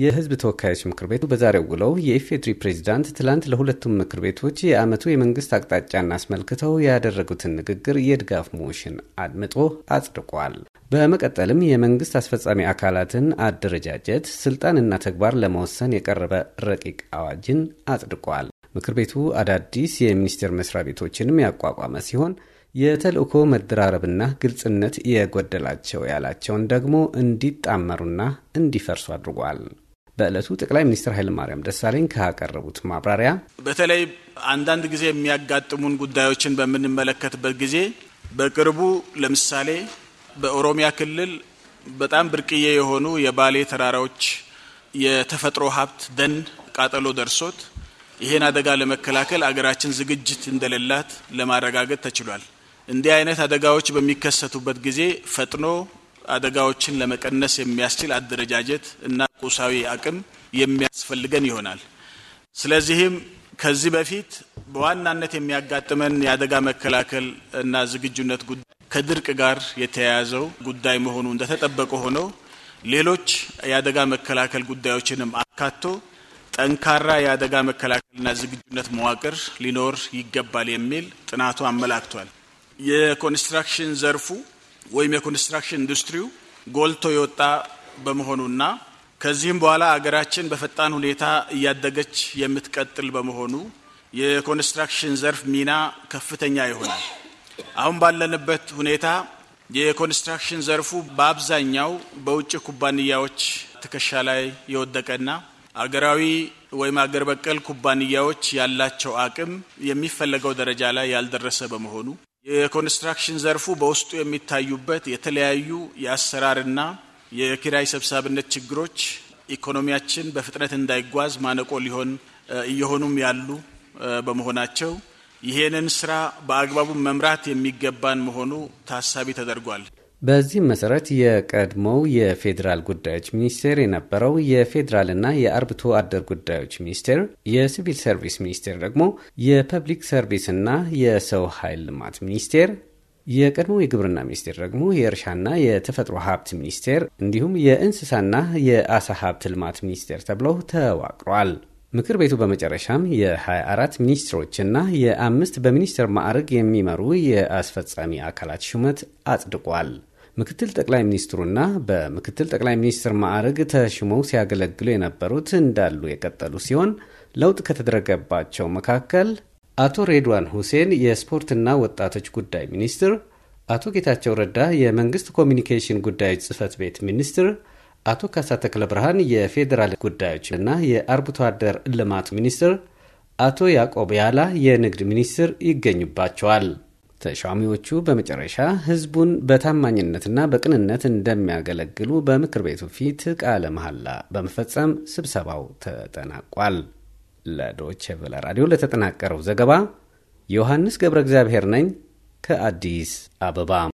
የህዝብ ተወካዮች ምክር ቤቱ በዛሬው ውለው የኢፌድሪ ፕሬዚዳንት ትላንት ለሁለቱም ምክር ቤቶች የዓመቱ የመንግስት አቅጣጫን አስመልክተው ያደረጉትን ንግግር የድጋፍ ሞሽን አድምጦ አጽድቋል። በመቀጠልም የመንግስት አስፈጻሚ አካላትን አደረጃጀት፣ ስልጣንና ተግባር ለመወሰን የቀረበ ረቂቅ አዋጅን አጽድቋል። ምክር ቤቱ አዳዲስ የሚኒስቴር መስሪያ ቤቶችንም ያቋቋመ ሲሆን የተልእኮ መደራረብና ግልጽነት የጎደላቸው ያላቸውን ደግሞ እንዲጣመሩና እንዲፈርሱ አድርጓል። በዕለቱ ጠቅላይ ሚኒስትር ኃይለማርያም ደሳለኝ ካቀረቡት ማብራሪያ በተለይ አንዳንድ ጊዜ የሚያጋጥሙን ጉዳዮችን በምንመለከትበት ጊዜ በቅርቡ ለምሳሌ በኦሮሚያ ክልል በጣም ብርቅዬ የሆኑ የባሌ ተራራዎች የተፈጥሮ ሀብት ደን ቃጠሎ ደርሶት ይህን አደጋ ለመከላከል አገራችን ዝግጅት እንደሌላት ለማረጋገጥ ተችሏል። እንዲህ አይነት አደጋዎች በሚከሰቱበት ጊዜ ፈጥኖ አደጋዎችን ለመቀነስ የሚያስችል አደረጃጀት እና ቁሳዊ አቅም የሚያስፈልገን ይሆናል። ስለዚህም ከዚህ በፊት በዋናነት የሚያጋጥመን የአደጋ መከላከል እና ዝግጁነት ጉዳይ ከድርቅ ጋር የተያያዘው ጉዳይ መሆኑ እንደተጠበቀ ሆኖ ሌሎች የአደጋ መከላከል ጉዳዮችንም አካቶ ጠንካራ የአደጋ መከላከልና ዝግጁነት መዋቅር ሊኖር ይገባል የሚል ጥናቱ አመላክቷል። የኮንስትራክሽን ዘርፉ ወይም የኮንስትራክሽን ኢንዱስትሪው ጎልቶ የወጣ በመሆኑና ከዚህም በኋላ አገራችን በፈጣን ሁኔታ እያደገች የምትቀጥል በመሆኑ የኮንስትራክሽን ዘርፍ ሚና ከፍተኛ ይሆናል። አሁን ባለንበት ሁኔታ የኮንስትራክሽን ዘርፉ በአብዛኛው በውጭ ኩባንያዎች ትከሻ ላይ የወደቀና አገራዊ ወይም አገር በቀል ኩባንያዎች ያላቸው አቅም የሚፈለገው ደረጃ ላይ ያልደረሰ በመሆኑ የኮንስትራክሽን ዘርፉ በውስጡ የሚታዩበት የተለያዩ የአሰራርና የኪራይ ሰብሳቢነት ችግሮች ኢኮኖሚያችን በፍጥነት እንዳይጓዝ ማነቆ ሊሆን እየሆኑም ያሉ በመሆናቸው ይሄንን ስራ በአግባቡ መምራት የሚገባን መሆኑ ታሳቢ ተደርጓል። በዚህም መሰረት የቀድሞው የፌዴራል ጉዳዮች ሚኒስቴር የነበረው የፌዴራልና የአርብቶ አደር ጉዳዮች ሚኒስቴር፣ የሲቪል ሰርቪስ ሚኒስቴር ደግሞ የፐብሊክ ሰርቪስና የሰው ኃይል ልማት ሚኒስቴር፣ የቀድሞው የግብርና ሚኒስቴር ደግሞ የእርሻና የተፈጥሮ ሀብት ሚኒስቴር እንዲሁም የእንስሳና የአሳ ሀብት ልማት ሚኒስቴር ተብለው ተዋቅሯል። ምክር ቤቱ በመጨረሻም የ24 ሚኒስትሮችና የአምስት በሚኒስትር ማዕረግ የሚመሩ የአስፈጻሚ አካላት ሹመት አጽድቋል። ምክትል ጠቅላይ ሚኒስትሩና በምክትል ጠቅላይ ሚኒስትር ማዕረግ ተሹመው ሲያገለግሉ የነበሩት እንዳሉ የቀጠሉ ሲሆን ለውጥ ከተደረገባቸው መካከል አቶ ሬድዋን ሁሴን የስፖርትና ወጣቶች ጉዳይ ሚኒስትር፣ አቶ ጌታቸው ረዳ የመንግስት ኮሚኒኬሽን ጉዳዮች ጽህፈት ቤት ሚኒስትር አቶ ካሳ ተክለ ብርሃን የፌዴራል ጉዳዮች እና የአርብቶ አደር ልማት ሚኒስትር፣ አቶ ያዕቆብ ያላ የንግድ ሚኒስትር ይገኙባቸዋል። ተሿሚዎቹ በመጨረሻ ህዝቡን በታማኝነትና በቅንነት እንደሚያገለግሉ በምክር ቤቱ ፊት ቃለ መሐላ በመፈጸም ስብሰባው ተጠናቋል። ለዶች ቨለ ራዲዮ ለተጠናቀረው ዘገባ ዮሐንስ ገብረ እግዚአብሔር ነኝ ከአዲስ አበባ